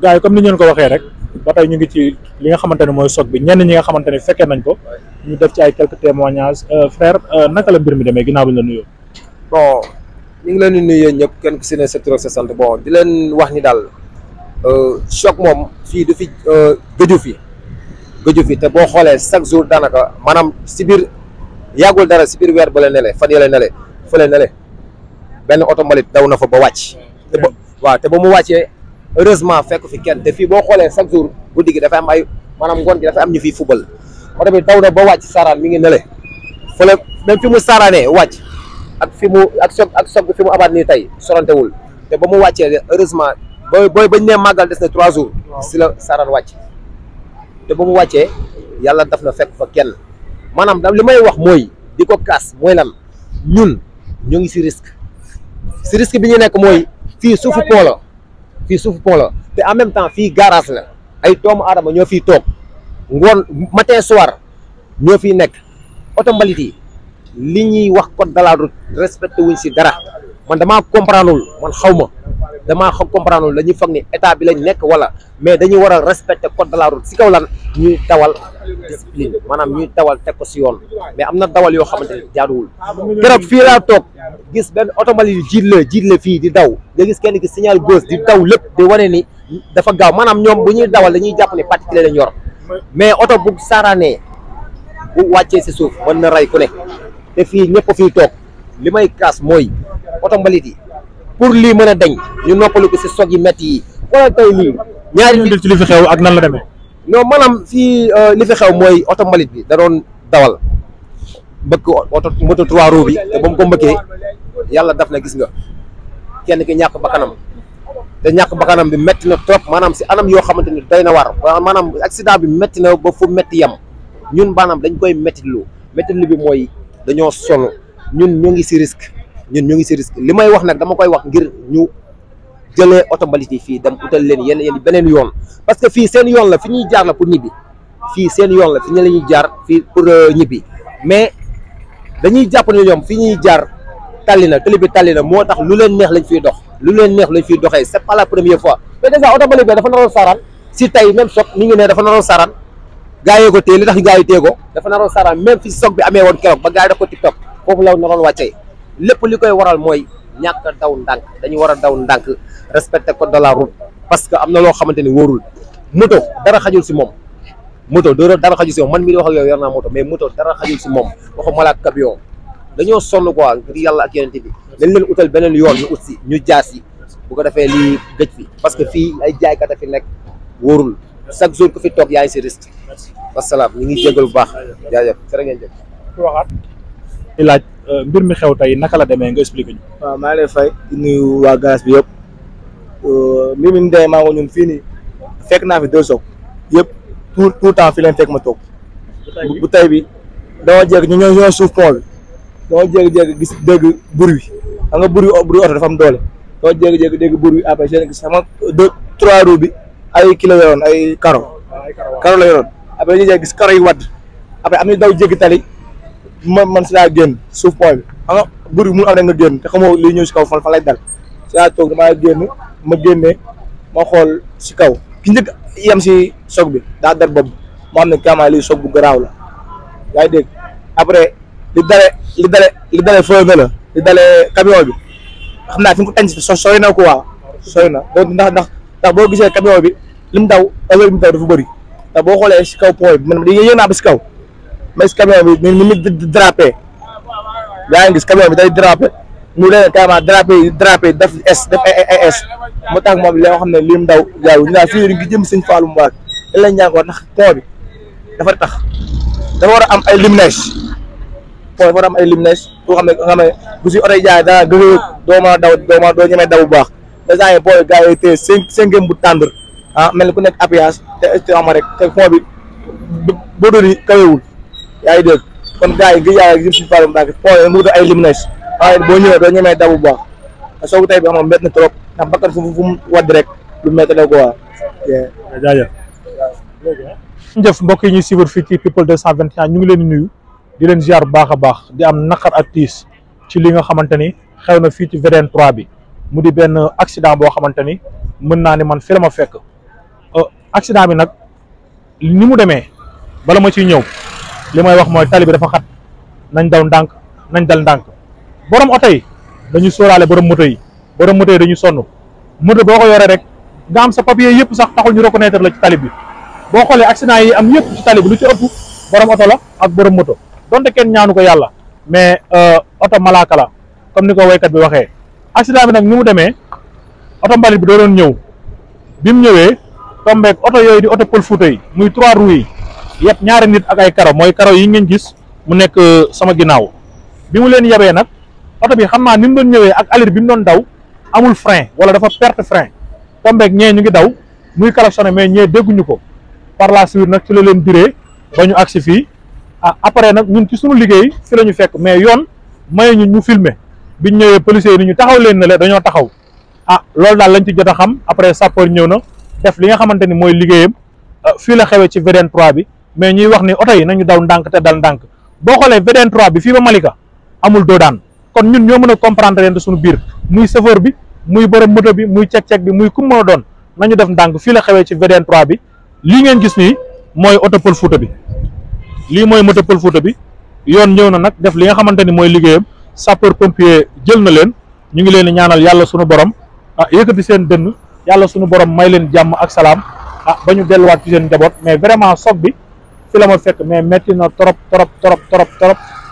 gars yi comme ni ñu leen ko waxee rek ba ñu ngi ci li nga xamante ne mooy choc bi ñenn ñi nga xamante ne fekkee nañ ko ñu def ci ay quelques témoignages euh, frère euh, naka la mbir mi demee ginnaaw bi ñu la nuyoo. bon ngi leen di nuyu ñëpp kenn ku si ne sa tur sa bon di leen wax ni daal sock euh, moom fii du fi gëju fi gëju fi te boo xoolee chaque jour daanaka maanaam si biir yàggul dara si biir weer ba la nele fan yële nele fële nele benn oto mbalit daw na fa ba wàcc. te ba hmm. mu wàccee. heureusement fekk fi kenn te fii boo xoolee chaque jour guddi gi dafa am ay maanaam ngoon gi dafa am ñu fi fubal oto bi daw na ba wàcc saaraan mi ngi nële fële même fi mu saaraanee wàcc ak fi mu ak soog ak soog fi mu abaat nii tey sorantewul te ba mu wàccee heureusement booy booy bañ nee màggal des na trois jours si la saaraan wàcc te ba mu wàccee yàlla daf na fekk fa kenn maanaam da li may wax mooy di ko kaas mooy lan ñun ñu ngi si risque si risque bi ñu nekk mooy fii suufu poola fii suufu pont la te en même temps fii garage la ay doomu aadama ñoo fi toog ngoon matin soir ñoo fi nekk oto mbalit yi li ñuy wax code de la route respecté wuñ si dara man damaa comprendre man xaw ma damaa xaw comprendre la ñuy foog ni état bi lañ nekk wala mais dañuy war respecte code de la si kaw lan ñuy tawal discipline maanaam ñuy dawal teg ko si yoon mais am na dawal yoo xamante ne jaaduwul keroog fii laa toog gis benn otomali yu jiit la jiit la fii di daw nga gis kenn ki signal gauche di daw lépp di wane ni dafa gaaw maanaam ñoom bu ñuy dawal dañuy jàpp ne particulier lañ yor mais oto bu saaraanee bu wàccee si suuf mën na rey ku ne te fii ñëpp fii toog li may kaas mooy oto mbalit yi pour lii mën a deñ ñu noppalu ko si sog yi métti yi wala tey lii ñaari demee no maanaam fii euh, li fi xew mooy oto mbalit bi da doon dawal mbëkk oto moto bi te ba mu ko mbëkkee yàlla daf na gis nga kenn ki ñàkk bakkanam te ñàkk bakkanam bi metti na trop maanaam si anam yoo xamante ni doy na war maanaam accident bi metti na ba fu metti yem ñun maanaam dañ koy mettitlu mettitlu bi mooy dañoo sonn ñun ñu ngi si risque ñun ñu ngi si risque li may wax nag dama koy wax ngir ñu jëlee oto mbalit yi fii dem utal leen yenn yenn beneen yoon parce que fii seen yoon la fi ñuy jaar la pour ñibbi fii seen yoon la fi la ñuy jaar fii pour euh, ñibbi mais dañuy jàpp ne ñoom fi ñuy jaar tàlli na tali bi tàlli na moo tax lu leen neex lañ fiy dox lu leen neex lañ fiy doxee c'est pas la première fois mais déjà oto mbalit bi dafa naroon saaraan si tey même choc mi ngi ne dafa naroon saaraan gaa yee ko téye li tax gaa yi téye ko dafa naroon saaraan même fi choc bi amee woon keroog ba gaa yi def ko TikTok foofu la naroon wàccee lépp li koy waral mooy. ñàkk a daw ndànk dañu war a daw ndànk respecté code de la route parce que am na loo xamante ni wóorul moto dara xajul si moom moto dara xajul si man mii di wax ak yow yor naa moto mais moto dara xajul si moom waxumala ak camion dañoo sonn quoi ngir yàlla ak yonent bi dañ leen utal beneen yoon ñu ut si ñu jaar si bu ko defee lii gëj fi parce que fii ay jaaykat a fi nekk wóorul chaque jour ku fi toog yaa ngi si risque wasalaam ñu ngi jégalu bu baax jaajëf jërë ngeen jëf waxaat laaj euh, mbir mi xew tey naka la demee nga expliqué ñu. waaw maa lay fay di yëpp euh, mbir mi demee maa ñun fii nii fekk naa fi deux soog yëpp tout tout temps fi leen fekk ma toog. bu tey bi dama jékki ñu ñoo ñoo suuf pont bi dama jékki-jékki gis dégg bruit bi nga bruit bruit oto dafa am doole dama jékki-jékki dégg bruit bi après seen gis xam nga trois roues bi ay kilo yoroon ay karo. karo ah, la yoroon après ñu jékki gis karo yi wadd après am ñu tali. man man si laa génn suuf point bi xam nga buri mun nga génn te xamoo liy ñëw si kaw fan fan lay dal si laa toog damaa génn ma génnee ma xool si kaw ki njëkk yem si soog bi daa dar bopp moo xam ne kaamaay liy soog bu garaaw la yaa ngi dégg après li dale li dale li la li dale camion bi xam naa fi mu ko tànn so sooy na ko waaw sooy na donc ndax ndax ndax boo gisee camion bi li mu daw heure bi mu daw dafa bëri ndax boo xoolee si kaw point bi man yéen naa bi si kaw mais camion bi ni ni muy drapé yaa ngi gis camion bi day drapé mu ne carrément drapé yi drapé def S def ay e, e, e, S mu tax moom li nga xam ne lim daw jaaw ñu naan fii ngi la ñaan war dafa tax dafa war a am ay limnèche pont ay limnèche boo xam ne nga xam ne bu si oto jaay daw doo doo ñemee daw bu baax dèjà yooyu booy bu tendre ah, mel ni ku nekk appuyage te rek te bi boo doon kawewul yaa ngi dégg kon gars yi ngir yàlla jëm suñu Fallou Mbacké mu ay limnes waaye boo ñëwee doo ñemee daw bu baax te soobu tey bi xam nga métti na trop ndax bakkan fu fu mu wadd rek lu métti la quoi. jaajëf jëf mbokk yi ñuy suivre fii ci People 221 ñu ngi leen di nuyu di leen ziar bu baax a baax di am naqar ak tiis ci li nga xamante ni xew na fii ci VDN 3 bi mu di benn accident boo xamante ni mën naa ne man fi ma fekk euh, accident bi nag ni mu demee bala ma ciy ñëw li may wax mooy tali bi dafa xat nañ daw ndànk nañ dal ndànk borom oto yi dañu sóoraale borom moto yi borom moto yi dañu sonn moto boo ko yoree rek nga am sa papier yëpp sax taxul ñu reconnaître la ci tali bi boo xoolee accident yi am yëpp ci tali bi lu ci ëpp borom oto la ak borom moto donte kenn ñaanu ko yàlla mais euh, oto malaaka la comme ni ko waykat bi waxee accident bi nag ni mu demee oto mbalit bi doo doon ñëw bi mu ñëwee tombeek oto yooyu di oto pël yi muy trois yëpp ñaari nit ak ay karo mooy karo yi ngeen gis mu nekk euh, sama ginnaaw bi mu leen yabee nag oto bi xam naa ni mu doon ñëwee ak alir bi mu doon daw amul frein wala dafa perte frein tombeek ñee ñu ngi daw muy klaxonné mais ñëwee dégguñu ko par la suite nag ci la leen diree ba ñu agsi fii ah après nag ñun ci sumu liggéey fi la ñu fekk mais yoon may ñu ñu bi ñu ñëwee policiers yi ni ñu taxaw leen ne leen dañoo taxaw ah loolu daal lañ ci jot a xam après sapeur ñëw na def li nga xamante ni mooy liggéeyam ah, fii la xewee ci VDN 3 bi mais ñuy wax ni oto yi nañu daw ndànk te dal ndànk boo xoolee VDN 3 bi fii ba Malika amul doo daan kon ñun ñoo mën a comprendre leen suñu biir muy chauffeur bi muy borom moto bi muy cek-cek bi muy ku mën a doon nañu def ndànk fii la xewee ci VDN 3 bi lii ngeen gis nii mooy oto Pël Fuuta bi lii mooy moto Pël Fuuta bi yoon ñëw na nag def li nga xamante ni mooy liggéeyam sapeur pompier jël na leen ñu ngi leen di ñaanal yàlla suñu borom ah yëkkati seen dënn yàlla suñu borom may leen jàmm ak salaam ah ba ñu delluwaat ci seen njaboot mais vraiment soog bi fi la ma fekk mais metti na trop trop trop trop trop